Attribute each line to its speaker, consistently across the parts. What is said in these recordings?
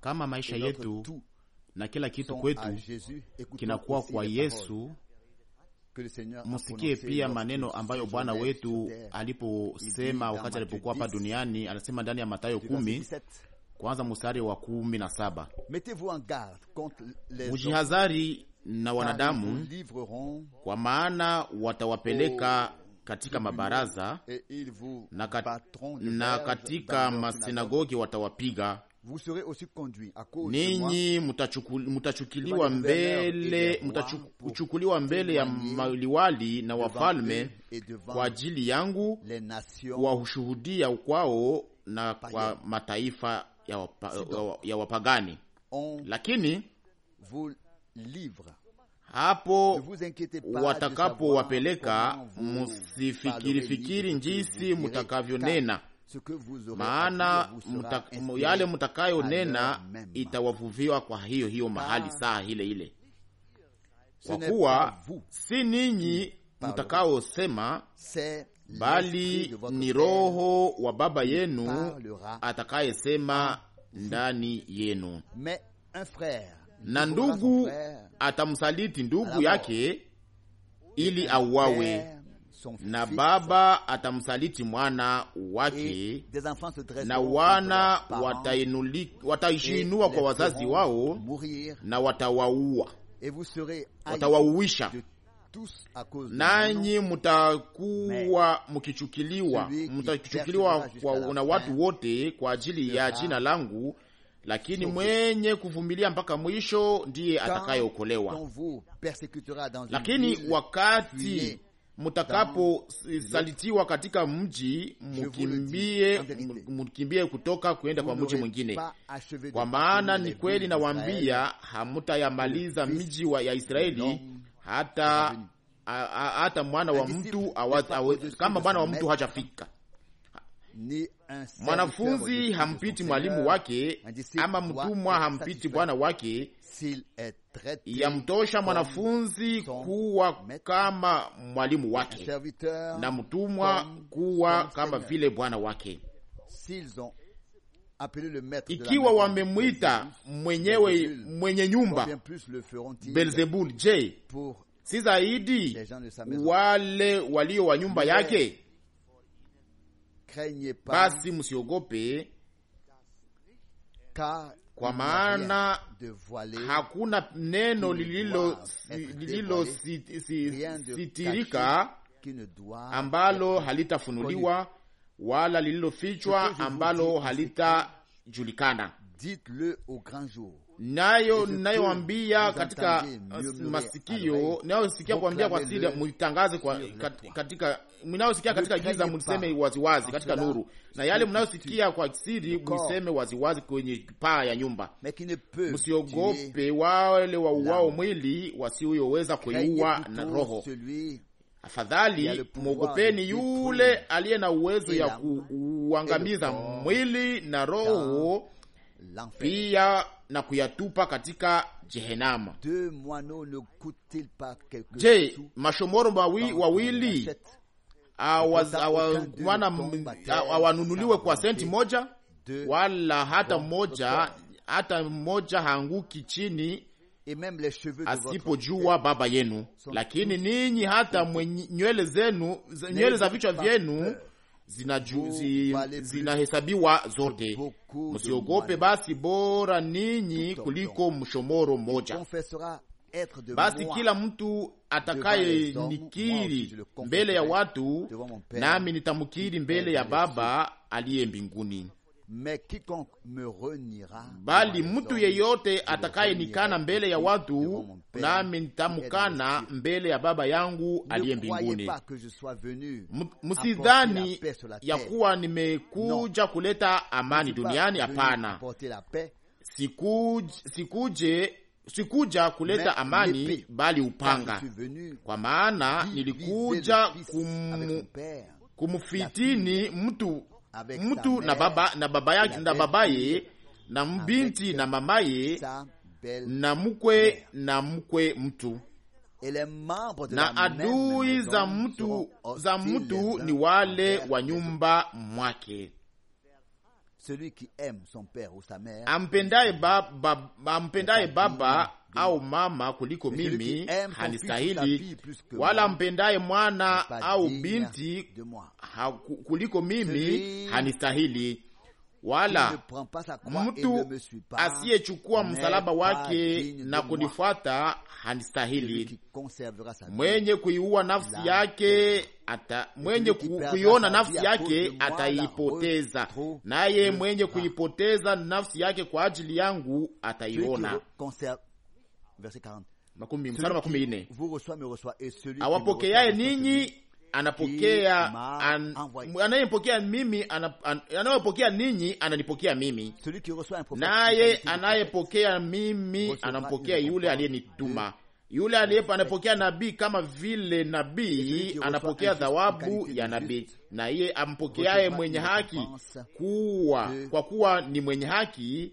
Speaker 1: kama maisha yetu
Speaker 2: na kila kitu kwetu kinakuwa kwa Yesu,
Speaker 1: msikie pia
Speaker 2: maneno ambayo Bwana wetu aliposema wakati alipokuwa hapa duniani. Anasema ndani ya Mathayo kumi kwanza mstari wa kumi na saba
Speaker 1: mujihazari
Speaker 2: na wanadamu, kwa maana watawapeleka katika mabaraza na katika masinagogi watawapiga
Speaker 1: ninyi
Speaker 2: mutachukuliwa mbele, mutachukuliwa mbele ya maliwali na wafalme
Speaker 1: kwa ajili
Speaker 2: yangu ushuhudia kwao na kwa mataifa ya, wapa, ya wapagani. Lakini hapo watakapowapeleka, msifikirifikiri njisi mutakavyonena
Speaker 1: maana muta, yale
Speaker 2: mtakayonena itawavuviwa kwa hiyo hiyo mahali ah. saa ile ile, kwa kuwa si ninyi mtakaosema, bali ni Roho wa Baba yenu atakayesema ndani yenu. Na ndugu atamsaliti ndugu yake ili auawe na baba atamsaliti mwana wake, na wana wataishinua kwa wazazi wao na watawaua watawauisha
Speaker 1: nanyi
Speaker 2: mutakuwa mkichukiliwa, mtachukuliwa na watu wote kwa ajili ya jina langu, lakini mwenye kuvumilia mpaka mwisho ndiye atakayeokolewa.
Speaker 1: Lakini wakati
Speaker 2: mtakaposalitiwa katika mji mkimbie, mkimbie kutoka kuenda kwa mji mwingine, kwa maana ni kweli nawaambia, hamutayamaliza mji wa ya Israeli hata hata mwana wa mtu kama mwana wa mtu hajafika.
Speaker 1: Mwanafunzi hampiti mwalimu
Speaker 2: wake, ama mtumwa hampiti bwana wake, yamtosha mwanafunzi kuwa kama mwalimu wake na mtumwa kuwa kama vile bwana wake. Ikiwa wamemwita mwenyewe mwenye nyumba Belzebul, je, si zaidi wale walio wa nyumba yake? Basi msiogope kwa maana hakuna neno lililositirika ambalo halitafunuliwa wala lililofichwa ambalo halitajulikana nayo nayowambia katika masikio nayosikia kuambia kwa siri, mlitangaze kwa katika mnayosikia katika giza, mliseme waziwazi katika nuru, na yale mnayosikia kwa siri, mliseme waziwazi kwenye paa ya nyumba. Msiogope wale wauao mwili wasioweza kuiua na roho Afadhali mwogopeni yule aliye na uwezo ya kuuangamiza mwili na roho pia na kuyatupa katika jehenama. Je, mashomoro wawili awanunuliwe kwa senti moja? Wala hata moja hata mmoja haanguki chini asipojua Baba yenu. Lakini ninyi hata nywele zenu, nywele za vichwa vyenu zinahesabiwa zina zote. Msiogope basi, bora ninyi kuliko mshomoro mmoja.
Speaker 1: Basi kila mtu atakaye nikiri mbele ya
Speaker 2: watu, nami nitamkiri mbele ya Baba aliye mbinguni bali mtu yeyote atakayenikana mbele ya watu, nami nitamkana mbele ya Baba yangu aliye mbinguni.
Speaker 1: Msidhani ya
Speaker 2: kuwa nimekuja kuleta amani duniani. Hapana, sikuje, sikuje sikuja kuleta amani bali upanga, kwa maana nilikuja kum, kumfitini mtu mtu na baba na yake na babaye na mbinti na mamaye na mkwe na mkwe mtu na adui za mtu za mtu ni wale wa nyumba mwake. Ampendaye baba, ampendaye baba au mama kuliko mimi hanistahili, wala ampendaye mwana au binti ha, kuliko mimi hanistahili wala mtu asiyechukua msalaba wake na kunifuata hanistahili. Mwenye kuiua nafsi yake ata, mwenye kuiona nafsi yake ataipoteza, naye mwenye kuipoteza nafsi yake kwa ajili yangu ataiona.
Speaker 1: Awapokeaye
Speaker 2: ninyi anapokea an, ah, anayepokea mimi an, anayepokea ninyi ananipokea mimi, naye anayepokea mimi anampokea yule aliyenituma. Hmm. Yule eh, anayepokea nabii kama vile nabii anapokea thawabu ya nabii, na iye ampokeaye mwenye haki kuwa kwa kuwa ni mwenye haki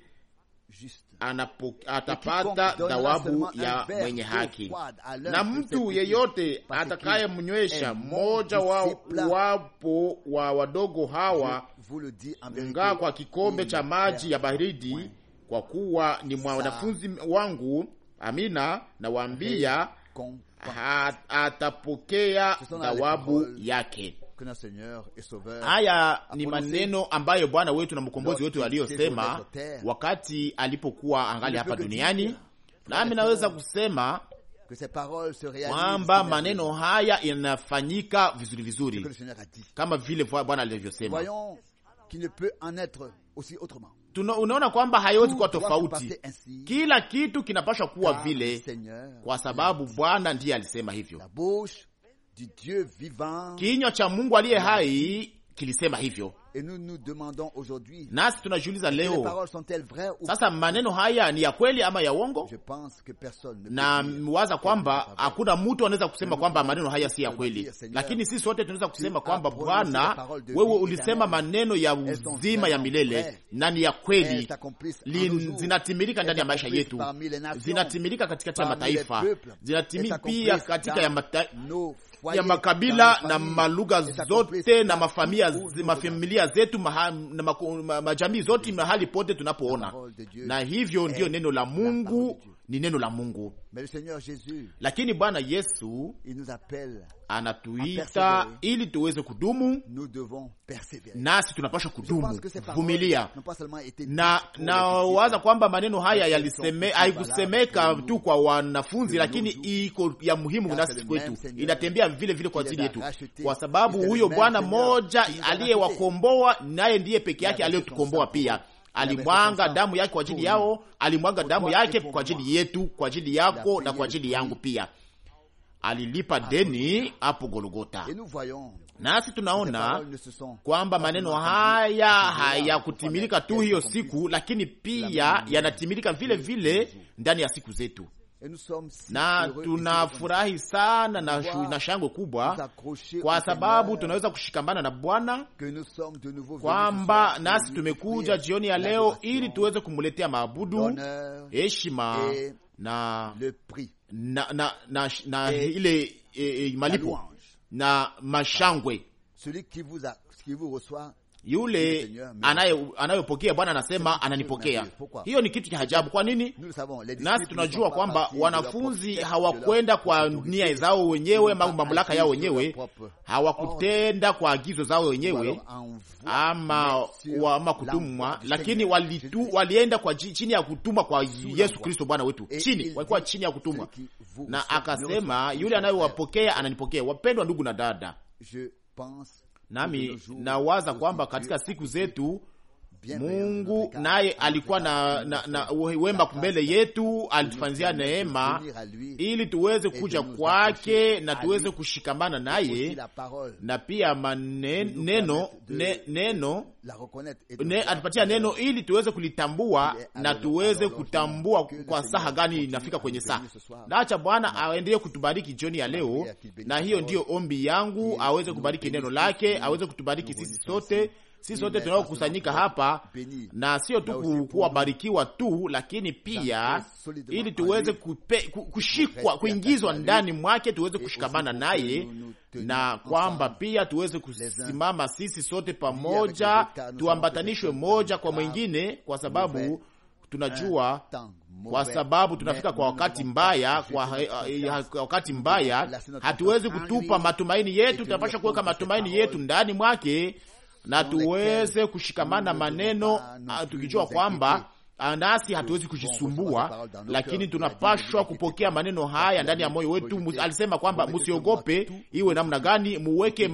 Speaker 2: anapo, atapata dhawabu ya mwenye haki, na mtu yeyote atakayemnywesha mmoja wa wapo wa wadogo hawa ngaa kwa kikombe cha maji ya baridi, kwa kuwa ni mwanafunzi wangu, amina, nawaambia atapokea dhawabu yake. Haya ni maneno ambayo Bwana wetu na mkombozi wetu aliyosema wakati alipokuwa angali hapa duniani, nami naweza kusema
Speaker 1: kwamba maneno
Speaker 2: haya yanafanyika vizuri vizuri kama vile Bwana alivyosema. Unaona kwamba haiwezi kuwa tofauti, kila kitu kinapashwa kuwa vile, kwa sababu Bwana ndiye alisema hivyo kinywa cha Mungu aliye hai kilisema hivyo.
Speaker 1: Et nous nous demandons aujourd'hui,
Speaker 2: nasi tunajiuliza leo sasa, maneno haya ni ya kweli ama ya uongo? Na waza kwamba hakuna mtu anaweza kusema kwamba maneno haya si ya kweli, lakini sisi sote tunaweza kusema kwamba Bwana, wewe ulisema maneno ya uzima ya milele na ni ya kweli, zinatimilika ndani ya maisha yetu, zinatimilika katikati ya mataifa, zinatimilika pia katika ya ya makabila na malugha zote na mafamilia, mafamilia zetu maha, na majamii zote mahali pote tunapoona, na hivyo ndiyo neno la Mungu ni neno la Mungu. Lakini Bwana Yesu anatuita ili tuweze kudumu, nasi tunapasha kudumu vumilia. Na nawaza kwamba maneno haya haikusemeka tu kwa wanafunzi, lakini iko ya muhimu nasi kwetu, inatembea vile vile kwa ajili yetu, kwa sababu huyo Bwana moja aliyewakomboa naye ndiye peke yake aliyetukomboa pia alimwanga damu yake kwa ajili yao, alimwanga damu yake kwa ajili yetu, kwa ajili yako na kwa ajili yangu pia. Alilipa deni hapo Golgota, nasi tunaona kwamba maneno haya hayakutimilika tu hiyo siku, lakini pia yanatimilika vile vile ndani ya siku zetu na tunafurahi sana na, na shangwe kubwa kwa sababu tunaweza kushikambana na Bwana kwamba nasi tumekuja jioni ya leo ili tuweze kumletea maabudu heshima na, na, na, na, na ile e, e, malipo na mashangwe yule anayopokea Bwana anasema ananipokea. Hiyo ni kitu cha ajabu. Kwa nini? Nasi tunajua kwamba wanafunzi hawakwenda kwa nia zao wenyewe, mamlaka yao wenyewe, oh, hawakutenda kwa agizo zao wenyewe ama, ama kutumwa, lakini walitu, walienda kwa chini ya kutumwa kwa Yesu Kristo Bwana wetu, e- chini e- walikuwa chini ya kutumwa, na akasema yule anayewapokea ananipokea. Wapendwa ndugu na dada Nami nawaza kwamba katika siku zetu Mungu naye alikuwa na, na, na wema mbele yetu, alitufanzia neema ili tuweze kuja kwake na tuweze kushikamana naye, na pia maneno neno, ne, ne, atupatia neno ili tuweze kulitambua na tuweze kutambua kwa saha gani inafika kwenye saa. Naacha Bwana aendelee kutubariki jioni ya leo, na hiyo ndiyo ombi yangu, aweze kubariki neno lake, aweze kutubariki sisi sote sisi sote tunaokusanyika hapa, na sio tu kuwa barikiwa tu, lakini pia ili tuweze kupe, kushikwa kuingizwa ndani mwake, tuweze e kushikamana naye na kwamba pia tuweze kusimama sisi sote pamoja, tuambatanishwe moja kwa mwingine, kwa sababu tunajua kwa sababu tunafika kwa wakati mbaya, kwa wakati mbaya hatuwezi kutupa matumaini yetu, tunapasha kuweka matumaini yetu ndani mwake na tuweze kushikamana maneno ah, tukijua kwamba ah, nasi hatuwezi kujisumbua, lakini tunapashwa kupokea maneno haya ndani ya moyo wetu. Alisema kwamba msiogope, iwe namna gani, muweke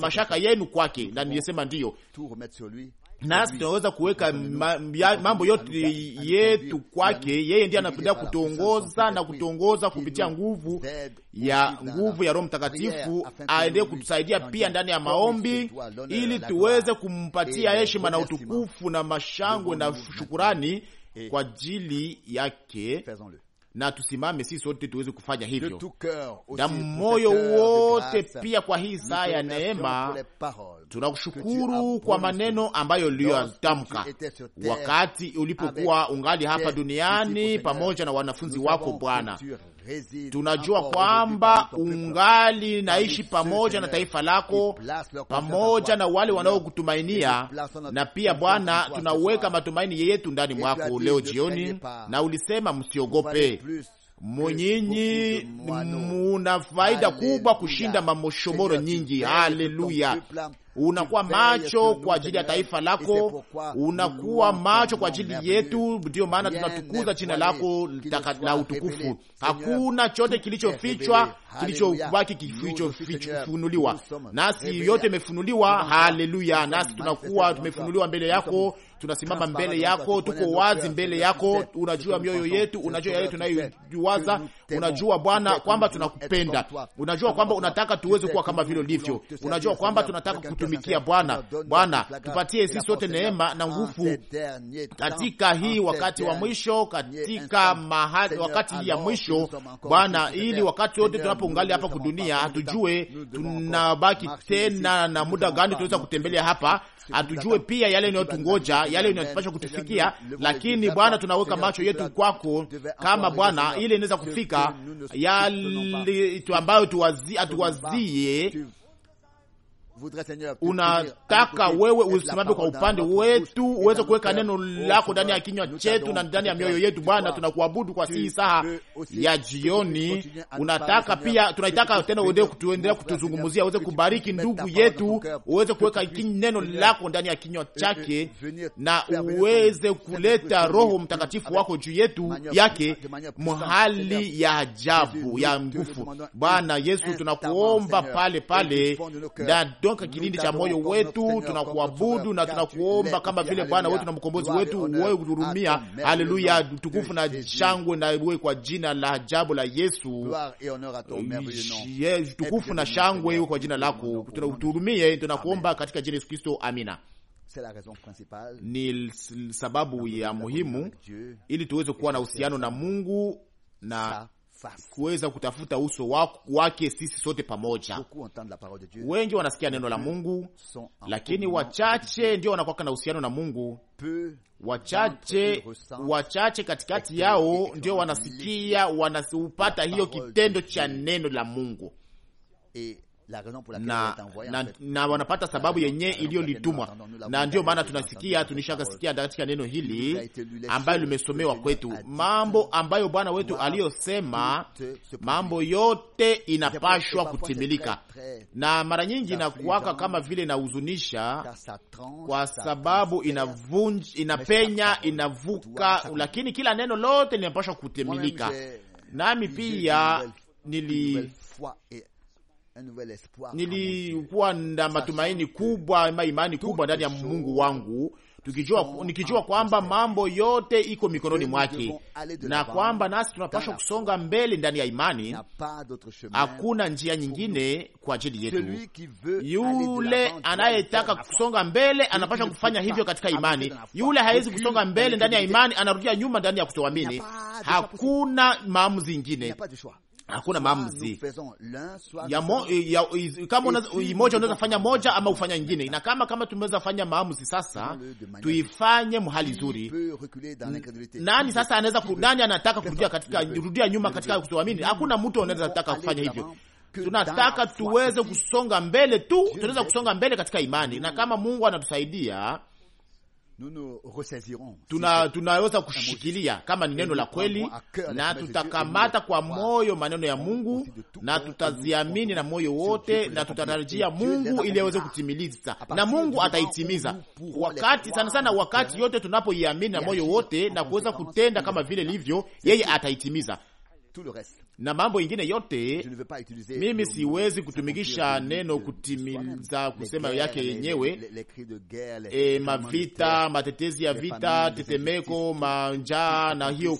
Speaker 2: mashaka yenu kwake, na niyesema ndiyo nasi tunaweza kuweka mambo yote yetu kwake. Yeye ndiye anapenda kutongoza na kutongoza kupitia nguvu ya nguvu ya Roho Mtakatifu, aendee kutusaidia pia ndani ya maombi, ili tuweze kumpatia eh, eh, heshima na utukufu na mashangwe na shukurani eh. kwa ajili yake na tusimame sisi sote tuweze kufanya hivyo
Speaker 1: na moyo wote, pia
Speaker 2: kwa hii saa ya neema Tunakushukuru kwa maneno ambayo uliyotamka wakati ulipokuwa ungali hapa duniani pamoja na wanafunzi wako Bwana. Tunajua kwamba ungali naishi pamoja na taifa lako, pamoja na wale wanaokutumainia, na pia Bwana tunaweka matumaini yetu ndani mwako leo jioni, na ulisema msiogope, mwenyinyi muna faida kubwa kushinda mamoshomoro nyingi. Haleluya! unakuwa macho kwa ajili ya taifa lako, unakuwa macho kwa ajili yetu. Ndiyo maana tunatukuza jina lako la utukufu. Hakuna chote kilichofichwa kilichobaki kilichofunuliwa, nasi yote imefunuliwa. Haleluya! nasi tunakuwa tumefunuliwa mbele yako tunasimama mbele yako, tuko wazi mbele yako. Unajua mioyo yetu, unajua yale tunayoiwaza, unajua Bwana kwamba tunakupenda, unajua kwamba unataka tuweze kuwa kama vile ulivyo, unajua kwamba tunataka kutumikia Bwana. Bwana, tupatie sisi sote neema na nguvu katika hii wakati wa mwisho, katika mahali wakati hii ya mwisho Bwana, ili wakati wote tunapoungali hapa kudunia, hatujue tunabaki tena na muda gani tunaweza kutembelea hapa, hatujue pia yale inayotungoja yale unayopasha kutufikia, lakini Bwana, tunaweka macho yetu kwako, kama Bwana, ili inaweza kufika yale ambayo hatuwazie unataka wewe usimame kwa upande wetu, uweze kuweka neno lako ndani ya kinywa chetu na ndani ya mioyo yetu. Bwana, tunakuabudu kwa sii saha ya jioni. Unataka pia, tunaitaka tena uendelee kutuendelea kutuzungumzia, uweze kubariki ndugu yetu, uweze kuweka neno lako ndani ya kinywa chake na uweze kuleta Roho Mtakatifu wako juu yetu yake, mahali ya ajabu ya nguvu. Bwana Yesu, tunakuomba pale pale na kutoka kilindi cha moyo wetu, tunakuabudu na tunakuomba kama vile Bwana wetu na mkombozi wetu, wewe kuturumia Haleluya, tukufu na shangwe na wewe kwa jina la ajabu la Yesu, tukufu na shangwe iwe kwa jina lako. Tuhurumie, tunakuomba katika jina Yesu Kristo, amina. Ni sababu ya muhimu ili tuweze kuwa na uhusiano na Mungu na kuweza kutafuta uso wake sisi sote pamoja. Wengi wanasikia neno la mmh. Mungu, lakini wachache ndio wanakuwa na uhusiano na Mungu. Wachache, wachache katikati yao ndio wanasikia, wanaupata hiyo kitendo cha neno la Mungu la raison pour na, na, na wanapata sababu yenye iliyolitumwa, na ndiyo maana tunasikia tunishakasikia katika neno hili ambayo limesomewa kwetu, mambo ambayo Bwana wetu aliyosema, mambo yote inapashwa kutimilika. Na mara nyingi inakuwaka kama vile inahuzunisha, kwa sababu inavunj, inapenya, inavuka, lakini kila neno lote linapashwa kutimilika. Nami pia nili nilikuwa na matumaini kubwa ama imani kubwa ndani ya Mungu wangu tukijua, nikijua kwamba mambo yote iko mikononi mwake na kwamba nasi tunapaswa kusonga mbele ndani ya imani. Hakuna njia nyingine kwa ajili yetu. Yule anayetaka kusonga mbele anapaswa kufanya hivyo katika imani. Yule hawezi kusonga mbele ndani ya imani, anarudia nyuma ndani ya kutoamini. Hakuna maamuzi ingine hakuna maamuzi kama moja, unaweza fanya moja ama ufanya nyingine, na kama kama tumeweza fanya maamuzi sasa, tuifanye mhali zuri. Nani sasa anaweza, nani anataka kurudia katika rudia nyuma katika kutoamini? Hakuna mtu anaweza taka kufanya hivyo. Tunataka tuweze kusonga mbele tu, tunaweza kusonga mbele katika imani, na kama Mungu anatusaidia tuna tunaweza kushikilia kama ni neno la kweli, na tutakamata kwa moyo maneno ya Mungu na tutaziamini na moyo wote, na tutatarajia Mungu ili aweze kutimiliza, na Mungu ataitimiza wakati sana sana, wakati yote tunapoiamini na moyo wote na kuweza kutenda kama vile livyo, yeye ataitimiza na mambo ingine yote, mimi siwezi kutumikisha neno kutimiza kusema yake yenyewe.
Speaker 1: E, eh, mavita,
Speaker 2: matetezi ya vita, tetemeko, manjaa na hiyo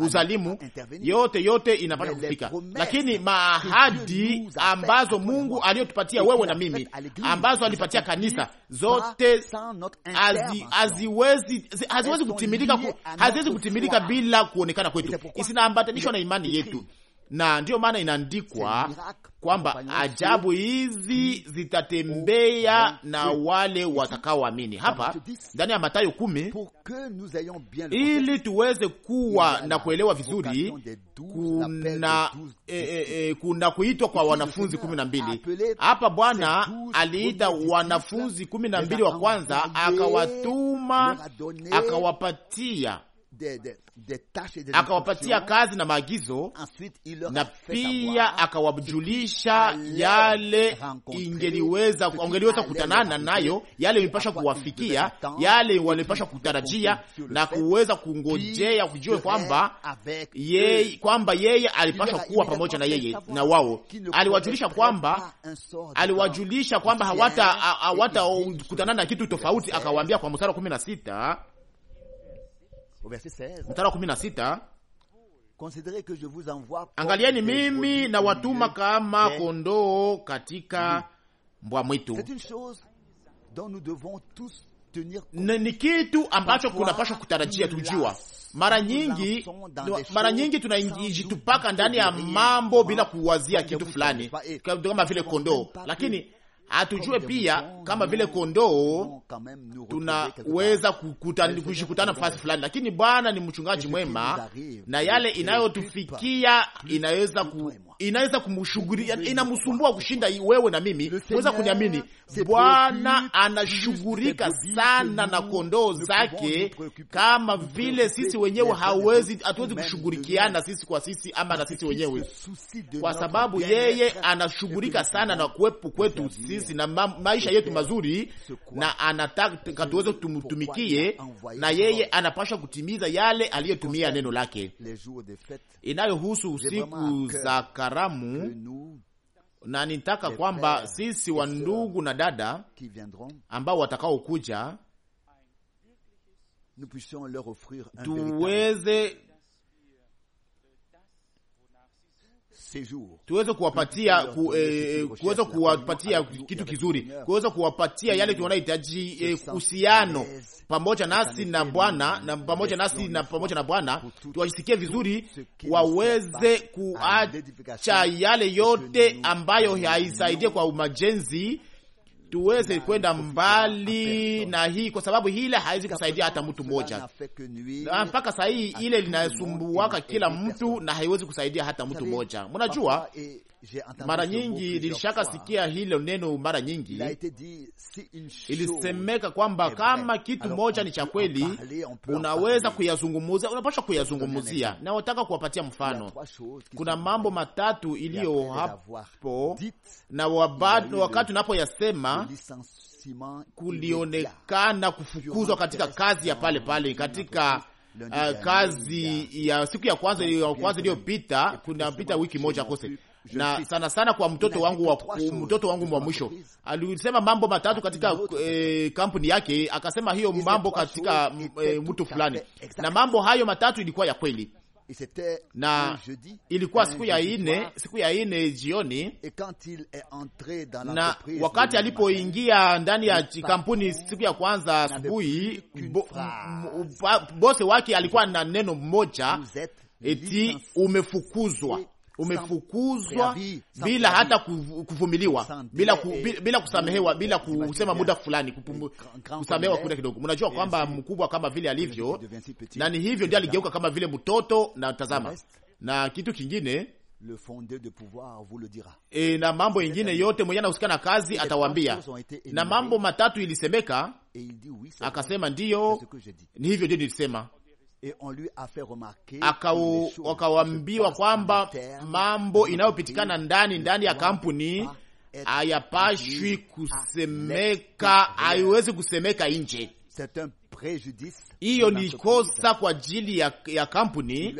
Speaker 2: uzalimu, yote yote inapata kufika, lakini maahadi ambazo Mungu aliyotupatia wewe na mimi, ambazo alipatia kanisa, zote haziwezi kutimilika, haziwezi kutimilika bila kuonekana kwetu, isinaambatanishwa na imani yetu, na ndiyo maana inaandikwa kwamba ajabu hizi zitatembea na wale watakaoamini. Hapa ndani ya Mathayo kumi, ili tuweze kuwa na kuelewa vizuri, kuna eh, eh, eh, eh, kuna kuitwa kwa wanafunzi kumi na mbili. Hapa Bwana aliita wanafunzi kumi na mbili wa kwanza, akawatuma akawapatia akawapatia kazi na maagizo, na pia akawajulisha yale ingeliweza ongeliweza kukutanana nayo, yale imepasha kuwafikia, yale walipasha kutarajia na kuweza kungojea, kujue kwamba yeye kwamba yeye alipasha kuwa pamoja na yeye na wao. Aliwajulisha kwamba aliwajulisha kwamba hawata hawatakutana na kitu tofauti. Akawaambia kwa mstari wa kumi na sita
Speaker 1: mstari
Speaker 2: wa kumi na sita
Speaker 1: angalieni mimi na watuma
Speaker 2: kama kondoo katika mbwa mwitu. Ni kitu ambacho kunapashwa kutarajia tujua. Mara nyingi, mara nyingi tunajitupaka ndani ya mambo bila kuwazia kitu fulani kama vile kondoo, lakini hatujue pia kama vile kondoo tunaweza kushikutana fasi fulani, lakini Bwana ni mchungaji mwema, na yale inayotufikia inaweza ku, inaweza kumshughuli inamsumbua kushinda wewe na mimi. Unaweza kuniamini, Bwana anashughulika sana na kondoo zake kama vile sisi wenyewe hawezi, hatuwezi kushughulikiana sisi kwa sisi ama na sisi wenyewe, kwa sababu yeye anashughulika sana na kuwepo kwetu sisi sisi na ma, maisha yetu mazuri, na anataka tuweze tumtumikie, na yeye anapasha kutimiza yale aliyotumia neno lake inayohusu siku za karamu na nitaka kwamba sisi wa ndugu na dada ambao watakaokuja tuweze tuweze kuwapatia ku, eh, kuweza kuwapatia kitu kizuri, kuweza kuwapatia yale tunayohitaji eh, uhusiano eh, pamoja nasi na Bwana na pamoja nasi na pamoja na Bwana, tuwajisikie vizuri, waweze kuacha yale yote ambayo haisaidie kwa umajenzi tuweze kwenda mbali na hii, kwa sababu hile haiwezi kusaidia hata mtu mmoja. Ah, mpaka saa hii ile linasumbuaka kila mtu na haiwezi kusaidia hata mtu mmoja. Mnajua mara nyingi nilishaka sikia hilo neno mara nyingi ilisemeka kwamba kama kitu moja ni cha kweli, unaweza kuyazungumuzia, unapasha kuyazungumuzia. Nawataka kuwapatia mfano, kuna mambo matatu iliyo hapo, na wakati unapoyasema kulionekana kufukuzwa katika kazi ya pale pale katika Uh, kazi ya siku ya kwanza ya kwanza iliyopita, kunapita wiki moja kose, na sana sana kwa mtoto wangu wa mtoto wangu wa mwisho. Alisema mambo matatu katika eh, kampuni yake, akasema hiyo mambo katika eh, mtu fulani, na mambo hayo matatu ilikuwa ya kweli eh, na ilikuwa eh, siku ya ine siku ya ine jioni, na wakati alipoingia ndani ya kampuni siku ya kwanza asubuhi, bose wake alikuwa na neno moja eti umefukuzwa umefukuzwa bila hata kuvumiliwa, bila, ku, bila kusamehewa, bila kusema muda fulani kusamehewa kuda kidogo. Mnajua kwamba mkubwa kama vile alivyo, na ni hivyo ndio aligeuka kama vile mtoto. Na tazama na kitu kingine
Speaker 1: Le de pouvoir vous le dira.
Speaker 2: E, na mambo ingine yote mwenye anahusika na kazi atawambia, na mambo matatu ilisemeka, akasema ndiyo, ni hivyo ndio nilisema, wakawambiwa kwamba mambo inayopitikana ndani ndani ya kampuni hayapashwi kusemeka, haiwezi kusemeka nje. Hiyo ni kosa kwa ajili ya, ya kampuni.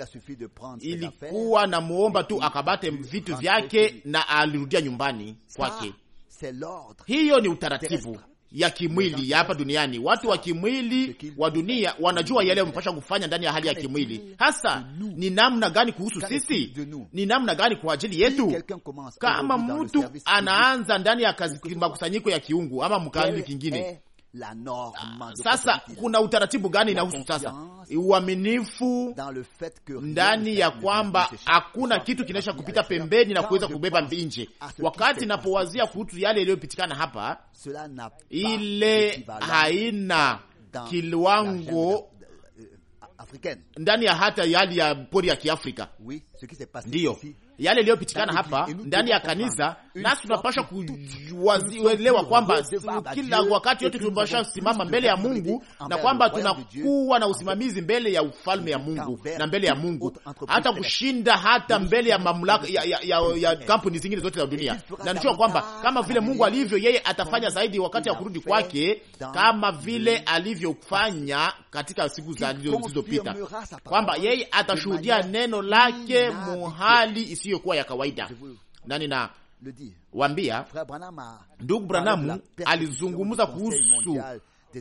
Speaker 2: Ilikuwa na muomba tu akabate vitu vyake na alirudia nyumbani kwake. Hiyo ni utaratibu ya kimwili ya hapa duniani. Watu wa kimwili wa dunia wanajua yale wamepasha kufanya ndani ya hali ya kimwili. Hasa ni namna gani kuhusu sisi, ni namna gani kwa ajili yetu? Kama mtu anaanza ndani ya makusanyiko ya kiungu ama mkazi eh, kingine eh.
Speaker 1: La ah,
Speaker 2: sasa, kuna utaratibu gani inahusu sasa? Uaminifu ndani ya kwamba hakuna kitu kinaisha kupita pembeni na kuweza kubeba mbinje Wakati napowazia kuhusu yale yaliyopitikana hapa, ile haina kiwango euh, ndani ya hata yali ya pori ya Kiafrika, ndiyo yale iliyopitikana hapa ndani ya kanisa, nasi tunapasha kuelewa kwamba kila wakati yote tunapasha simama mbele ya Mungu na kwamba tunakuwa na usimamizi mbele ya ufalme ya Mungu na mbele ya Mungu, hata kushinda hata mbele ya mamlaka ya, ya, ya, ya kampuni zingine zote za dunia. Na najua kwamba kama vile Mungu alivyo, yeye atafanya zaidi wakati wa kurudi kwake, kama vile alivyofanya katika siku zilizopita, kwamba yeye atashuhudia neno lake muhali isi isiyokuwa ya kawaida, na wambia ndugu Branamu alizungumza kuhusu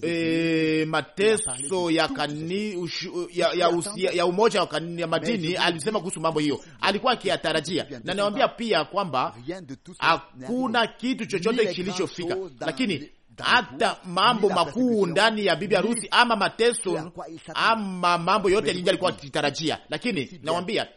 Speaker 2: E, mateso ya, kani, ushu, ya, ya, usia, ya umoja wa kani, ya madini alisema kuhusu mambo hiyo, alikuwa akiyatarajia, na niwaambia pia kwamba hakuna kitu chochote kilichofika, lakini hata mambo makuu ndani ya bibi harusi ama mateso ama mambo yote lingi alikuwa akitarajia, lakini nawambia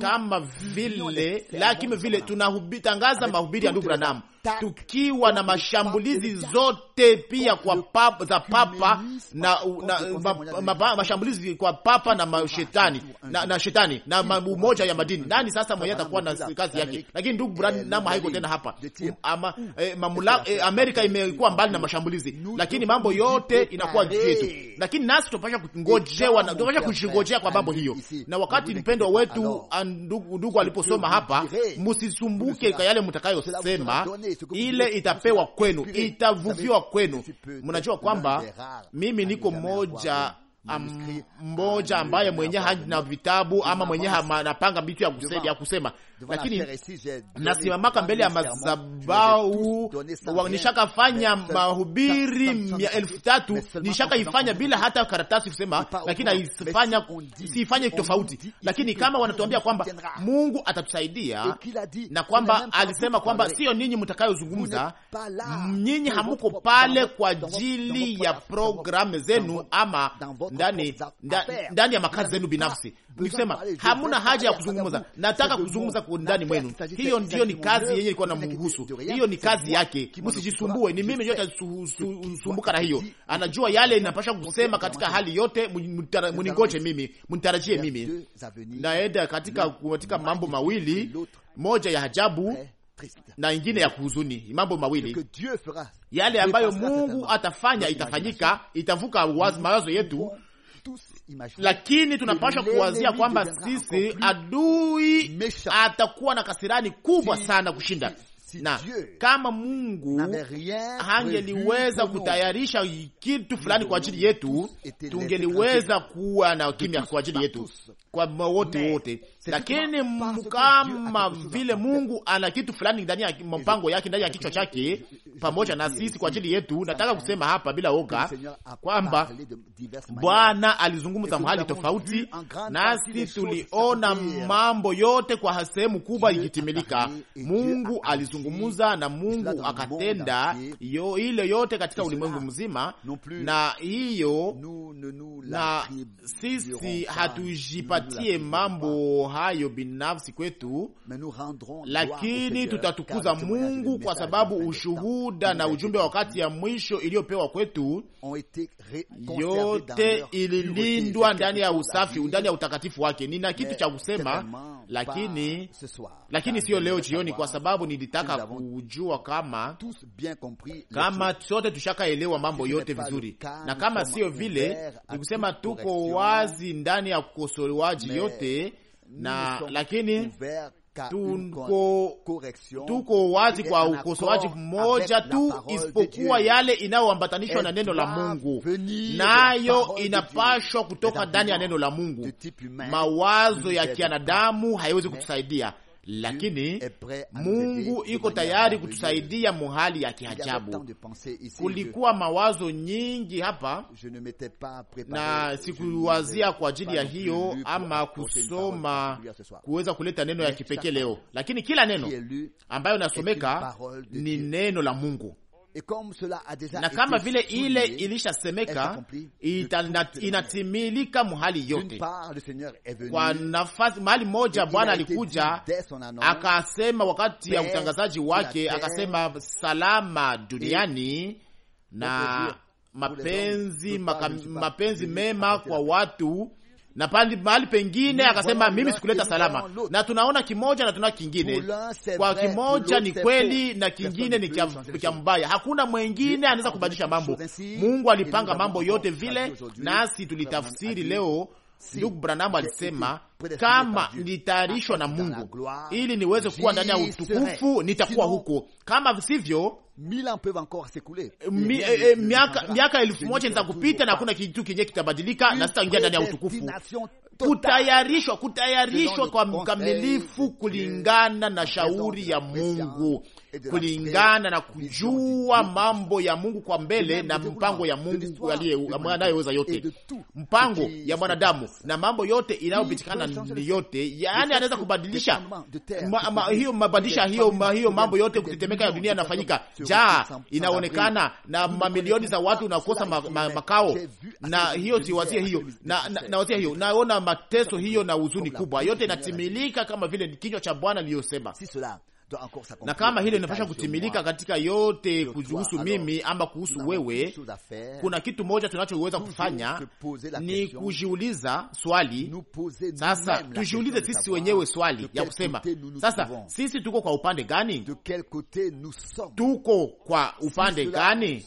Speaker 2: kama vile lakini vile tunahubitangaza mahubiri ya ndugu Branham tukiwa na mashambulizi zote pia kwa papa, za papa na, na ma, ma, ma, mashambulizi kwa papa na mashetani na, na shetani na ma, umoja ya madini. Nani sasa mwenye atakuwa na kazi yake? Lakini ndugu Branham haiko tena hapa ama, eh, mamula, eh, Amerika imekuwa mbali na mashambulizi, lakini mambo yote inakuwa juu yetu, lakini nasi tunapasha kungojewa, tunapasha kushingojea kwa mambo hiyo, na wakati mpendo wetu ndugu, ndugu aliposoma hapa, msisumbuke kwa yale mtakayosema, ile itapewa kwenu, itavuviwa kwenu. Mnajua kwamba mimi niko moja mmoja ambaye mwenye hana vitabu ama mwenye napanga bitu ya kusema, ya kusema lakini
Speaker 1: nasimamaka mbele ya
Speaker 2: mazabau, nishaka fanya mahubiri mia elfu tatu nishaka ifanya bila hata karatasi kusema, lakini siifanye tofauti. Lakini kama wanatuambia kwamba Mungu atatusaidia na kwamba alisema kwamba sio ninyi mtakayozungumza, nyinyi hamuko pale kwa ajili ya programu zenu ama ndani ya makazi zenu binafsi nikusema hamuna haja ya kuzungumza, nataka kuzungumza ndani mwenu. Hiyo ndio ni kazi yenye ilikuwa namhusu, hiyo ni kazi yake, msijisumbue. Ni mimi tasumbuka na hiyo, anajua yale inapasha kusema katika hali yote. Mningoje mimi, mnitarajie mimi. Naenda katika katika mambo mawili, moja ya ajabu eh, na ingine ya kuhuzuni. Mambo mawili yale ambayo Mungu atafanya itafanyika, itavuka mawazo yetu lakini tunapashwa kuwazia kwamba sisi adui atakuwa na kasirani kubwa sana kushinda na kama Mungu hangeliweza kutayarisha kitu fulani kwa ajili yetu, tungeliweza kuwa na kimya kwa ajili yetu kwa wote wote, lakini kama vile Mungu ana kitu fulani ndani ya mpango yake, ndani ya kichwa chake pamoja na sisi kwa ajili yetu. Nataka kusema hapa bila oga kwamba
Speaker 1: Bwana
Speaker 2: alizungumza mahali tofauti, nasi tuliona mambo yote kwa sehemu kubwa ikitimilika. Mungu alizungumza alizungumza na Mungu akatenda yo, ile yote katika ulimwengu mzima, na hiyo na sisi hatujipatie mambo hayo binafsi kwetu, lakini tutatukuza Mungu kwa sababu ushuhuda na ujumbe wa wakati ya mwisho iliyopewa kwetu yote ililindwa ndani ya usafi, ndani ya utakatifu wake. Nina kitu cha kusema lakini, lakini sio leo jioni, kwa sababu nilitaka tunataka kujua kama kama sote tushakaelewa mambo yote vizuri, na kama sio vile, nikusema tuko wazi ndani ya kukosolewaji yote na lakini Tuko, tuko wazi kwa ukosoaji mmoja tu, isipokuwa yale inayoambatanishwa na neno la Mungu, nayo inapashwa kutoka ndani ya neno la Mungu. Mawazo ya kianadamu hayawezi kutusaidia, lakini Mungu iko tayari kutusaidia muhali ya kiajabu. Kulikuwa mawazo nyingi hapa na sikuwazia kwa ajili ya hiyo ama kusoma kuweza kuleta neno ya kipekee leo, lakini kila neno ambayo nasomeka ni neno la Mungu
Speaker 1: na kama vile ile
Speaker 2: ilishasemeka inatimilika muhali yote kwa nafasi mahali moja. Bwana alikuja akasema wakati ya utangazaji wake, akasema salama duniani na mapenzi, mapenzi mema kwa watu na pali mahali pengine akasema mimi sikuleta salama. Na tunaona kimoja na tunaona kingine, kwa kimoja ni kweli na kingine ni cha mbaya. Hakuna mwengine anaweza kubadilisha mambo. Mungu alipanga mambo yote vile, nasi tulitafsiri leo ndugu Branham alisema kama nitayarishwa na Mungu ili niweze kuwa ndani ya utukufu, nitakuwa huko, kama sivyo eh, eh, eh, miaka elfu moja niza kupita na hakuna kitu kenye kitabadilika, na sitaingia ndani ya utukufu. Kutayarishwa, kutayarishwa kwa mkamilifu kulingana na shauri ya Mungu kulingana na kujua mambo ya Mungu kwa mbele na mpango ya Mungu anayeweza yote, mpango ya mwanadamu na mambo yote inayopitikana ni yote, yaani anaweza kubadilisha ma, ma, hiyo mabadilisha hiyo, ma, hiyo mambo yote, kutetemeka ya dunia inafanyika, jaa inaonekana na mamilioni za watu unakosa ma, ma, makao, na hiyo siwazie hiyo na, wazia hiyo naona mateso hiyo na huzuni kubwa, yote inatimilika kama vile kinywa cha Bwana niliyosema na kama hilo inapasha kutimilika katika yote kuhusu mimi ama kuhusu wewe, kuna kitu moja tunachoweza kufanya ni kujiuliza swali. Sasa tujiulize sisi wenyewe swali ya kusema sasa, sisi tuko kwa upande gani? Tuko kwa upande gani?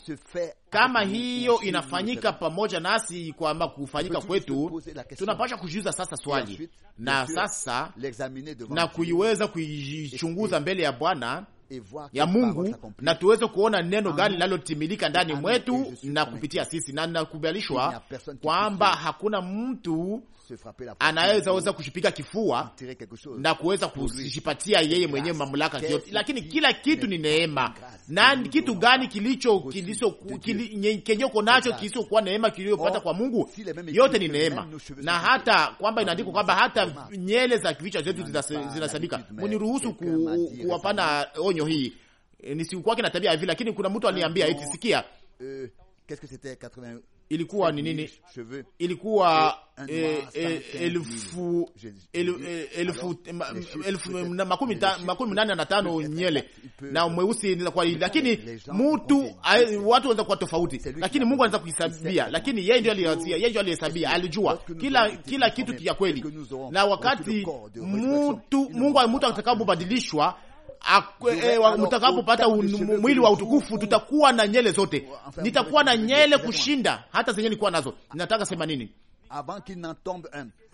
Speaker 2: Kama hiyo inafanyika pamoja nasi, kwamba kufanyika kwetu, tunapasha kujiuza sasa swali na sasa na kuiweza kuichunguza mbele ya Bwana
Speaker 1: ya Mungu
Speaker 2: na tuweze kuona neno gani linalotimilika ndani mwetu na kupitia sisi, na nakubalishwa kwamba hakuna mtu anaweza weza kushipika kifua na kuweza kujipatia yeye mwenyewe mamlaka yote, lakini kila kitu ni neema. Na kitu gani kilicho kenye uko nacho kisichokuwa neema kiliyopata kwa Mungu? Yote ni neema, na hata kwamba inaandikwa kwamba hata nyele za vichwa zetu zinasabika. Mniruhusu kuwapana onyo hii, e, nisikukwake na tabia hivi, lakini kuna mtu aliniambia eti, sikia euh, ilikuwa ni nini? Ilikuwa makumi nane na tano nyele na mweusi, lakini mtu watu wanaweza kuwa tofauti, lakini Mungu anaweza kuhesabia, lakini yeye ndio alihesabia, yeye ndio alihesabia, alijua kila kila kitu ya kweli, na wakati mtu Mungu mtu atakapobadilishwa Eh, mtakapopata mwili wa utukufu, tutakuwa na nyele zote. Nitakuwa na nyele kushinda hata zenye nilikuwa nazo. nataka sema nini?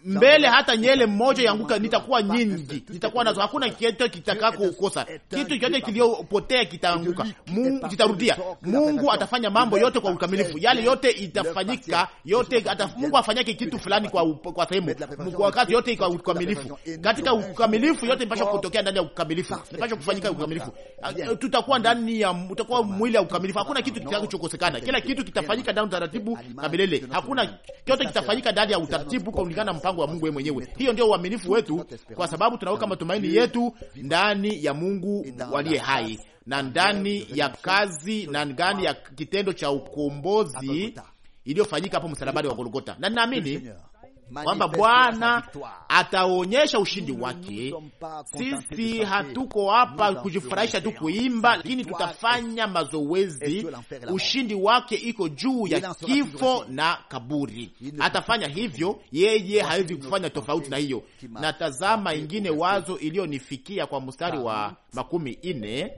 Speaker 2: mbele hata nyele mmoja yanguka, nitakuwa nyingi, nitakuwa nazo, hakuna kitu kitakaa kitakakokosa, kitu chote kiliopotea kitaanguka, kitarudia. Mungu atafanya mambo yote kwa ukamilifu, yale yote itafanyika yote. Ata, Mungu afanyake kitu fulani kwa, kwa sehemu kwa wakati yote kwa ukamilifu, katika ukamilifu yote mpasha kutokea ndani ya ukamilifu, mpasha kufanyika ukamilifu, tutakuwa ndani ya utakuwa mwili ya ukamilifu. Hakuna kitu kitakachokosekana, kila kitu kitafanyika ndani ya utaratibu kamilele, hakuna kitu kitafanyika ndani ya utaratibu kulingana na mpango wa Mungu yeye mwenyewe. Hiyo ndio uaminifu wetu, kwa sababu tunaweka matumaini yetu ndani ya Mungu waliye hai na ndani ya kazi na ndani ya kitendo cha ukombozi iliyofanyika hapo msalabani wa Golgota, na ninaamini kwamba Bwana ataonyesha ushindi wake. Sisi hatuko hapa kujifurahisha tu kuimba, lakini tutafanya mazoezi. Ushindi wake iko juu ya kifo na kaburi. Atafanya hivyo, yeye hawezi kufanya tofauti na hiyo. Na tazama ingine wazo iliyonifikia kwa mstari wa makumi ine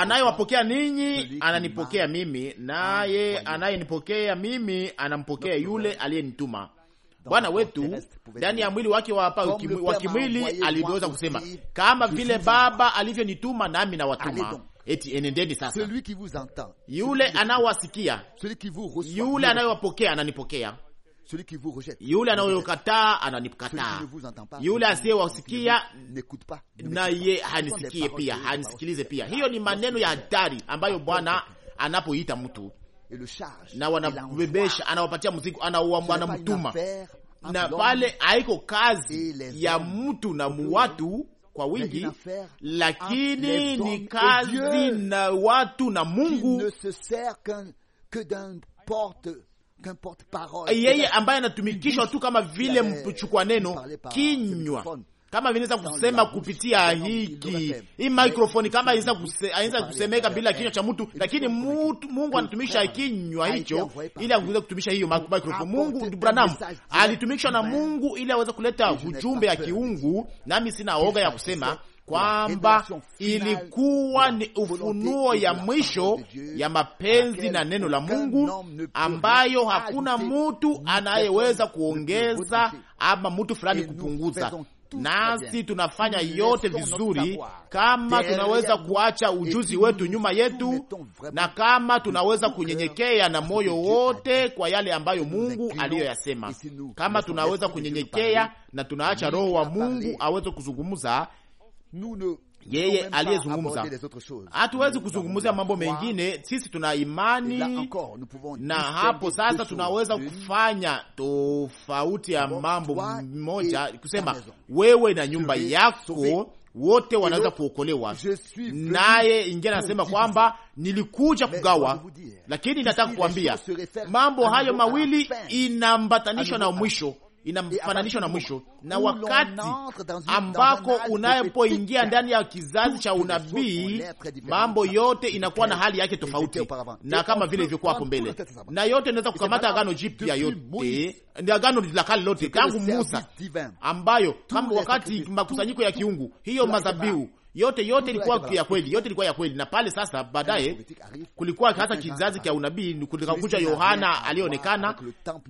Speaker 2: anayewapokea ninyi ananipokea mimi, ah, naye anayenipokea mimi anampokea yule aliyenituma. Bwana wetu ndani ya mwili wake wa kimwili aliweza kusema kama vile Baba alivyonituma nami nawatuma. Eti enendeni sasa. Yule anawasikia, yule anayewapokea ananipokea yule anayokataa ananikataa, yule asiyewasikia naye hanisikie pia, hanisikilize pia. Hiyo ni maneno ya hatari ambayo Bwana anapoita mtu na wanabebesha, anawapatia mzigo, anamtuma na pale haiko kazi ya mtu na muwatu kwa wingi,
Speaker 1: lakini ni kazi
Speaker 2: na watu na Mungu yeye ambaye anatumikishwa tu kama vile mchukua neno kinywa kama vinaweza kusema kupitia hiki hii microphone, kama inaweza kuse, inaweza kusemeka bila kinywa cha mtu, lakini mutu, Mungu anatumisha kinywa hicho ili aweze kutumisha hiyo microphone. Mungu Branham alitumikishwa na Mungu ili aweze kuleta ujumbe ya kiungu, nami sina oga ya kusema kwamba ilikuwa ni ufunuo ya mwisho ya mapenzi na neno la Mungu ambayo hakuna mutu anayeweza kuongeza ama mutu fulani kupunguza. Nasi tunafanya yote vizuri kama tunaweza kuacha ujuzi wetu nyuma yetu, na kama tunaweza kunyenyekea na moyo wote kwa yale ambayo Mungu aliyoyasema, kama tunaweza kunyenyekea na tunaacha Roho wa Mungu aweze kuzungumza yeye aliyezungumza. Hatuwezi kuzungumzia mambo mengine, sisi tuna imani na hapo sasa tunaweza kufanya tofauti ya mambo moja, kusema wewe na nyumba yako wote wanaweza kuokolewa. Naye ingine anasema kwamba nilikuja kugawa, lakini nataka kuambia mambo hayo mawili inaambatanishwa na mwisho inafananishwa na mwisho na wakati
Speaker 1: ambako
Speaker 2: unapoingia ndani ya kizazi cha unabii, mambo yote inakuwa na hali yake tofauti na kama vile ilivyokuwa hapo mbele, na yote inaweza kukamata agano jipya yote agano la kale lote tangu Musa, ambayo kama wakati makusanyiko ya kiungu hiyo mazabiu yote yote ilikuwa ya kweli, yote ilikuwa ya kweli. Na pale sasa, baadaye kulikuwa hasa kizazi cha unabii, kulikakuja Yohana alionekana.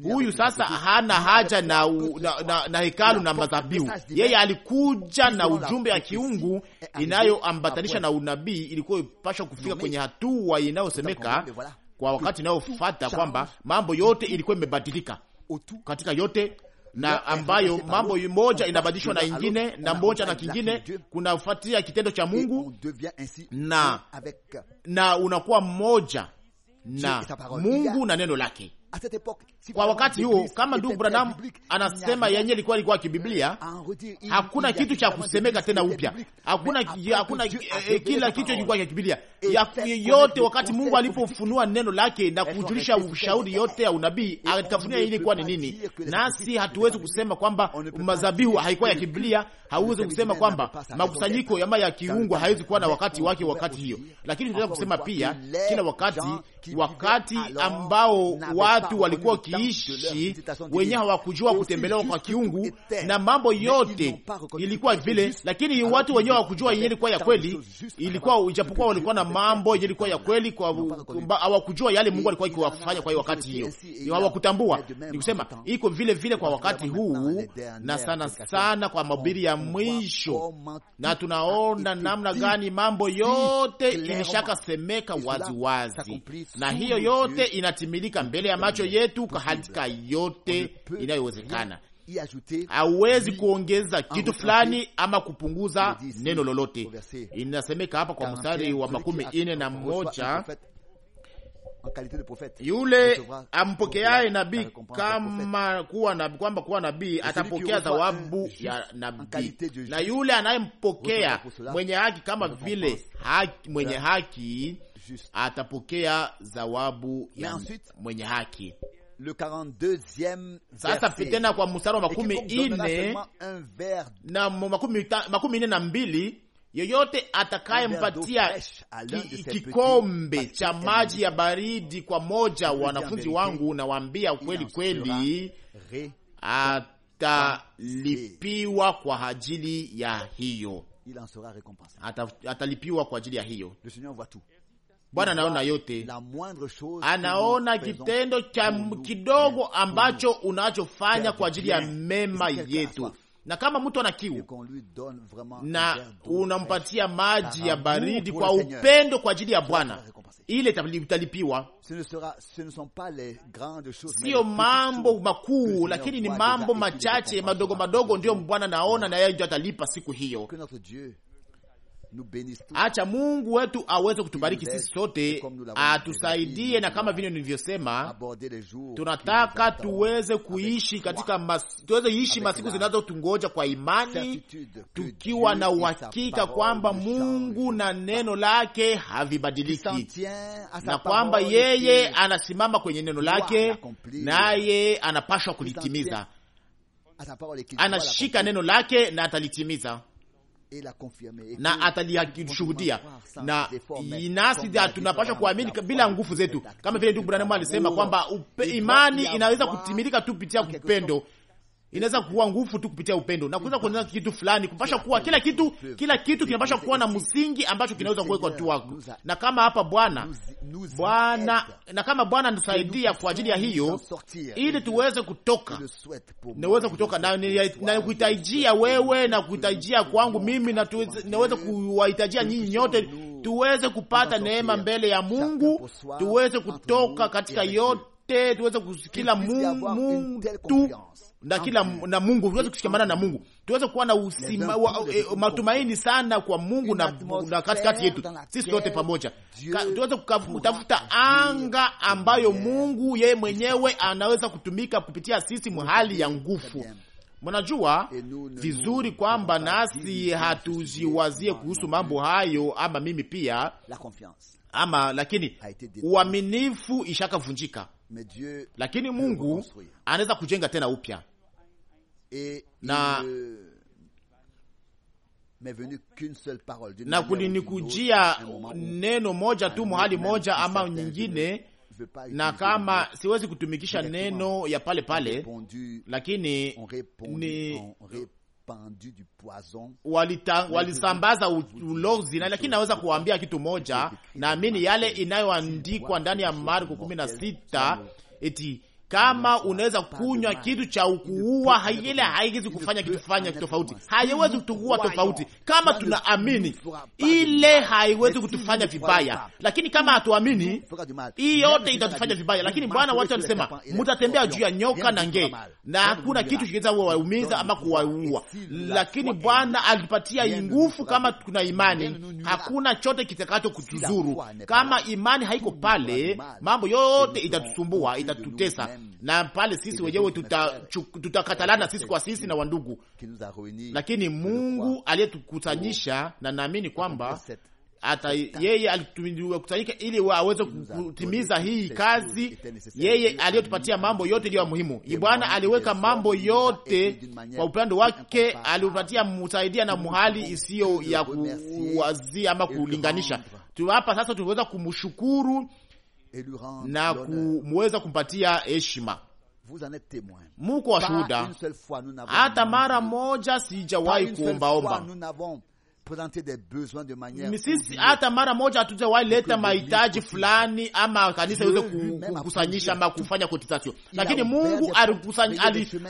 Speaker 2: Huyu sasa hana haja na, na, na, na hekalu na madhabihu, yeye alikuja na ujumbe ya kiungu inayoambatanisha na unabii, ilikuwa ipasha kufika kwenye hatua inayosemeka kwa wakati inayofata kwamba mambo yote ilikuwa imebadilika katika yote na ambayo mambo moja inabadilishwa na ingine na moja na kingine, kunafuatia kitendo cha Mungu na, na unakuwa mmoja na Mungu na neno lake kwa wakati huo, kama ndugu Branham anasema yenye ilikuwa ilikuwa kibiblia, ah, hakuna kitu cha kusemeka tena upya, hakuna hakuna ah, eh, kila kitu kilikuwa cha kibiblia yote. Wakati Mungu alipofunua neno lake na kujulisha ushauri yote ya unabii, eh, alitafunia ile ilikuwa ni nini, nasi hatuwezi kusema kwamba mazabihu haikuwa ya kibiblia, hauwezi kusema kwamba makusanyiko yama ya kiungu hawezi kuwa na wakati wake wakati hiyo, lakini tunaweza kusema pia kila wakati, wakati ambao watu watu walikuwa wakiishi wenye hawakujua kutembelewa kwa kiungu na mambo yote ilikuwa vile, lakini watu wenye hawakujua yenye ilikuwa ya kweli, ilikuwa ijapokuwa walikuwa na mambo yenye ilikuwa ya kweli, hawakujua yale Mungu alikuwa akiwafanya. kwa hiyo wakati hiyo, hawakutambua. Ni kusema iko vile vile kwa wakati huu na sana sana kwa mahubiri ya mwisho, na tunaona namna gani mambo yote ilishaka imeshakasemeka waziwazi, na hiyo yote inatimilika mbele ya macho macho yetu katika yote inayowezekana. Hawezi kuongeza kitu fulani ama kupunguza neno lolote. Inasemeka hapa kwa mstari wa makumi ine na moja
Speaker 1: yule
Speaker 2: ampokeaye nabii kama kuwa nabii, kwamba kuwa nabii atapokea thawabu ya nabii, na yule anayempokea mwenye haki kama vile haki, mwenye haki atapokea zawabu ya mwenye haki. Sasa tena kwa mstari wa makumi ine na makumi ine na mbili yoyote atakayempatia ki, kikombe cha maji ya baridi kwa moja wa wanafunzi wangu, nawaambia kweli kweli, atalipiwa kwa ajili ya hiyo, atalipiwa kwa ajili ya hiyo. Bwana anaona yote, anaona kitendo cha kidogo ambacho unachofanya kwa ajili ya mema yetu na kama mtu ana kiu na unampatia maji ya baridi kwa upendo kwa ajili ya Bwana, ile italipiwa. Siyo mambo makuu, lakini ni mambo machache madogo madogo, ndiyo Bwana naona na yeye ndio atalipa siku hiyo. Acha Mungu wetu aweze kutubariki sisi sote, atusaidie, ah, na kama vile nilivyosema, tunataka tuweze kuishi katika mas, tuweze ishi masiku zinazotungoja kwa imani, tukiwa na uhakika kwamba Mungu na neno lake havibadiliki na kwamba yeye anasimama kwenye neno lake,
Speaker 1: naye
Speaker 2: anapashwa kulitimiza.
Speaker 1: Anashika
Speaker 2: neno lake na atalitimiza na ataliashuhudia na nasi tunapasha kuamini bila nguvu zetu, kama vile ndugu Branham alisema kwamba imani inaweza kutimilika tu kupitia upendo inaweza kuwa nguvu tu kupitia upendo na kuweza kuonyesha kitu fulani, kupasha kuwa kila kitu, kila kitu kinapasha kuwa na msingi ambacho kinaweza kuwekwa tu wako. Na kama hapa Bwana Bwana, na kama Bwana anasaidia kwa ajili ya hiyo, ili tuweze kutoka, naweza kutoka na, nakuhitajia wewe na kuhitajia kwangu mimi, na naweza kuwahitajia nyinyi nyote tuweze kupata neema mbele ya Mungu, tuweze kutoka katika yote, tuweze kusikila Mungu tu na kila na Mungu tuweze kushikamana na Mungu, tuweze kuwa na usima, wa, e, matumaini sana kwa Mungu na, na katikati yetu sisi sote pamoja tuweze kutafuta anga ambayo Mungu yeye mwenyewe anaweza kutumika kupitia sisi mhali ya nguvu. Mnajua eh, vizuri kwamba nasi hatujiwazie kuhusu mambo hayo, ama mimi pia ama, lakini uaminifu ishakavunjika, lakini Mungu anaweza kujenga tena upya
Speaker 1: na na kulinikujia
Speaker 2: neno moja tu mahali moja ama nyingine, na kama siwezi kutumikisha neno ya pale pale, lakini ni walita, walisambaza ulozi na, lakini naweza kuwambia kitu moja, naamini yale inayoandikwa ndani ya Marko kumi na sita eti kama unaweza kunywa kitu cha ukuua, ile haiwezi kufanya kitu fanya tofauti, haiwezi kutuua tofauti. Kama tunaamini, ile haiwezi kutufanya vibaya, lakini kama hatuamini, hii yote itatufanya vibaya. Lakini Bwana watu wanasema, mtatembea juu ya nyoka na nge, na hakuna kitu kiweza kuwaumiza ama kuwaua. Lakini Bwana alipatia nguvu, kama tuna imani, hakuna chote kitakacho kutuzuru. Kama imani haiko pale, mambo yote itatusumbua, itatutesa na pale sisi wenyewe tutakatalana tuta sisi kwa sisi na wandugu, lakini Mungu aliyetukusanyisha oh. na naamini kwamba hata yeye alikusanyika ili aweze kutimiza hii kazi. Yeye aliyotupatia mambo yote iliyo muhimu. Bwana aliweka mambo yote kwa upande wake, aliupatia msaidia na muhali isiyo ya kuwazia ama kulinganisha. Hapa sasa tunaweza kumshukuru na kumweza kumpatia heshima. Muko washuhuda, hata mara moja sijawahi kuombaomba présenter des besoins de manière mais sisi hata mara moja wa leta mahitaji fulani ama kanisa iweze kukusanyisha ama kufanya kotisation, lakini Mungu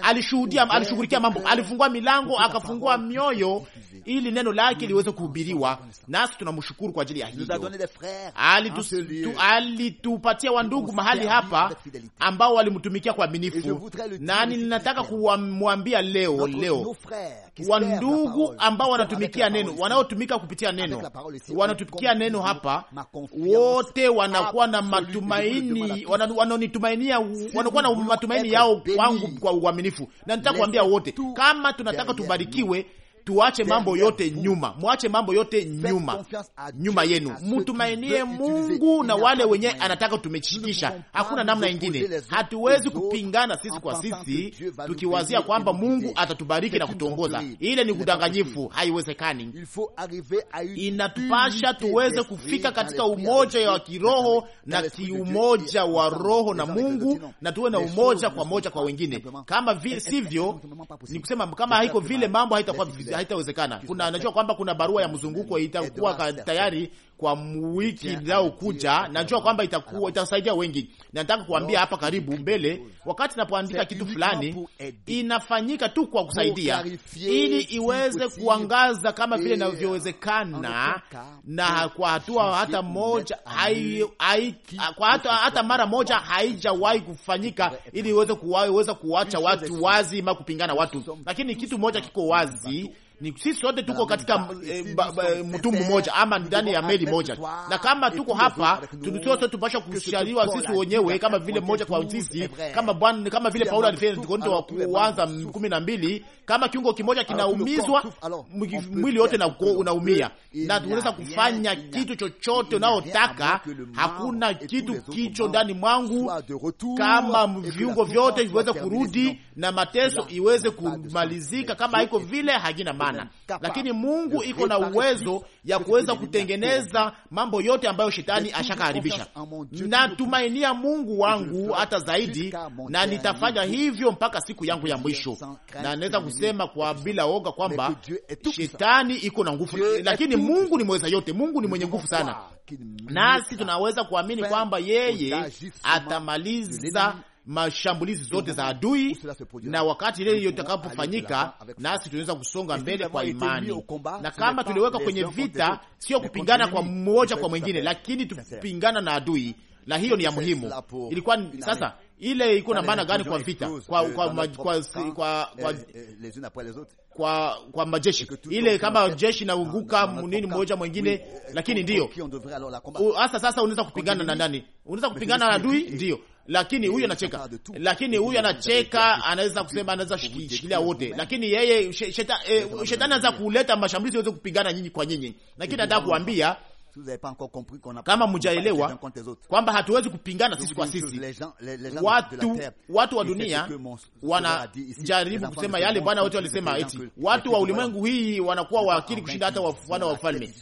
Speaker 2: alishuhudia, alishughulikia mambo, alifungua milango, akafungua mioyo ili neno lake liweze kuhubiriwa, nasi tunamshukuru kwa ajili ya hiyo. Alitupatia wandugu mahali hapa ambao walimtumikia kwa aminifu, na ninataka kumwambia leo leo wandugu ambao wanatumikia neno wanaotumika kupitia neno, wanatupikia neno hapa, wote wanakuwa na matumaini, wanaonitumainia, wanakuwa na matumaini yao kwangu kwa uaminifu. Na nitakwambia wote, kama tunataka tubarikiwe tuache mambo yote nyuma, mwache mambo yote nyuma nyuma yenu, mutumainie Mungu na wale wenye anataka tumeshikisha. Hakuna namna ingine, hatuwezi kupingana sisi kwa sisi tukiwazia kwamba Mungu atatubariki na kutuongoza. Ile ni udanganyifu, haiwezekani. Inatupasha tuweze kufika katika umoja wa kiroho na kiumoja wa roho na Mungu, na tuwe na umoja kwa moja kwa wengine. Kama vile sivyo ni kusema kama haiko vile mambo haitakuwa haitawezekana. Kuna najua kwamba kuna barua ya mzunguko itakuwa tayari kwa wiki kuja Najua kwamba itakuwa itasaidia wengi. Nataka kuambia hapa karibu mbele, wakati napoandika kitu fulani, inafanyika tu kwa kusaidia, ili iweze kuangaza kama vile inavyowezekana, na kwa hatua hata moja hai, hai, kwa hata, hata mara moja haijawahi kufanyika, ili iweze kuweza kuwacha watu wazi ma kupingana watu, lakini kitu moja kiko wazi ni sisi sote tuko katika eh, mtumbu moja ama ndani ya meli moja, na kama tuko hapa tusote tupasha kushariwa sisi wenyewe kama vile moja kwa sisi, kama Bwana, kama vile Paulo alifanya Korinto wa kuanza kumi na mbili kama kiungo kimoja kinaumizwa, mwili wote unaumia, na tunaweza kufanya kitu chochote unaotaka. Hakuna kitu kicho ndani mwangu, kama viungo vyote viweze kurudi na mateso iweze kumalizika. Kama iko vile, hakina maana, lakini Mungu iko na uwezo ya kuweza kutengeneza mambo yote ambayo shetani ashakaharibisha. Natumainia Mungu wangu hata zaidi, na nitafanya hivyo mpaka siku yangu ya mwisho na kusema kwa bila woga kwamba shetani iko na nguvu, lakini Mungu ni mweza yote, Mungu ni mwenye nguvu sana, nasi tunaweza kuamini kwamba yeye atamaliza mashambulizi zote za adui, na wakati ile hiyo itakapofanyika, nasi tunaweza kusonga mbele kwa imani. Na kama tuliweka kwenye vita, sio kupingana kwa mmoja kwa mwingine, lakini tupingana na adui, na hiyo ni ya muhimu. Ilikuwa sasa ile iko na maana gani kwa vita, kwa kwa kwa kwa kwa majeshi ile, kama jeshi naunguka ah, nini mmoja mwingine, eh, lakini eh, ndio hasa sasa unaweza kupigana na nani? Unaweza kupigana na adui, eh, ndio lakini huyu anacheka, lakini huyu anacheka, anaweza kusema, anaweza shikilia wote, lakini yeye shetani anaweza kuleta mashambulizi, aweze kupigana nyinyi kwa nyinyi, lakini anataka kuambia kama mujaelewa kwamba hatuwezi kupingana sisi kwa sisi, watu watu wa dunia wanajaribu kusema yale Bwana wote walisema, eti watu wa ulimwengu hii wanakuwa waakili kushinda hata wana wa ufalme,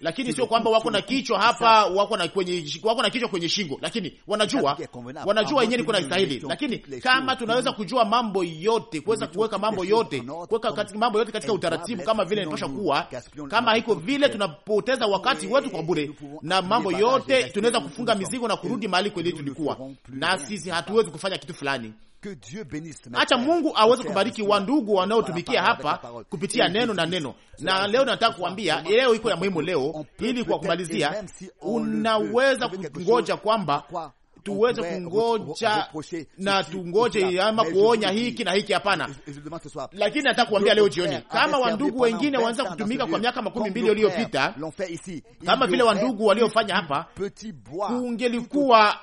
Speaker 2: lakini sio kwamba wako na kichwa hapa, wako na kwenye wako na kichwa kwenye shingo, lakini wanajua wanajua yenyewe kuna istahili. Lakini kama tunaweza kujua mambo yote, kuweza kuweka mambo yote, kuweka mambo yote katika utaratibu, kama vile inatosha kuwa kama hiko vile tunapoteza wakati wetu kwa bure, na mambo yote tunaweza kufunga mizigo na kurudi mahali kweli tulikuwa, na sisi hatuwezi kufanya kitu fulani. Acha Mungu aweze kubariki wandugu wanaotumikia hapa kupitia neno na neno. Na leo nataka kuambia, leo iko ya muhimu leo, ili kwa kumalizia, unaweza kungoja kwamba tuweze kungoja na tungoje ama kuonya hiki na hiki, hapana. Lakini nataka kuambia leo jioni, kama wandugu wengine wanaanza kutumika kwa miaka makumi mbili iliyopita kama vile wandugu waliofanya hapa, kungelikuwa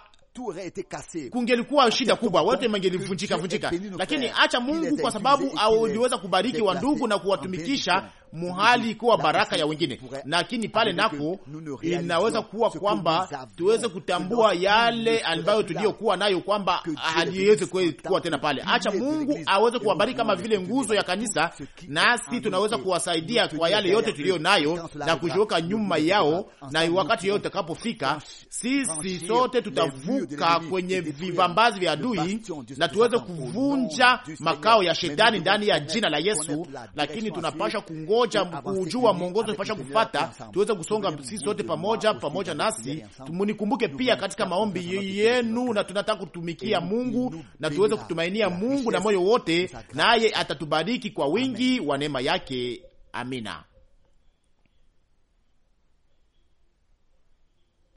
Speaker 2: kungelikuwa shida kubwa, wote mangelivunjika vunjika, lakini acha Mungu kwa sababu aliweza kubariki wandugu na kuwatumikisha muhali kuwa baraka ya wengine, lakini pale nako inaweza kuwa kwamba tuweze kutambua yale ambayo tuliyokuwa nayo kwamba haliwezi kuwa tena pale. Acha Mungu aweze kuwabariki kama vile nguzo ya kanisa, nasi tunaweza kuwasaidia kwa yale yote tuliyo nayo na kujiweka nyuma yao, na wakati yao utakapofika, sisi sote tutavuka kwenye vivambazi vya adui na tuweze kuvunja makao ya shetani ndani ya jina la Yesu, lakini tunapasha kungoja pamoja kujua mwongozo tupasha kufata, tuweze kusonga sisi sote pamoja pamoja nasi. Munikumbuke pia katika maombi yenu, na tunataka kutumikia Mungu na tuweze kutumainia Mungu na moyo wote, naye atatubariki kwa wingi wa neema yake. Amina.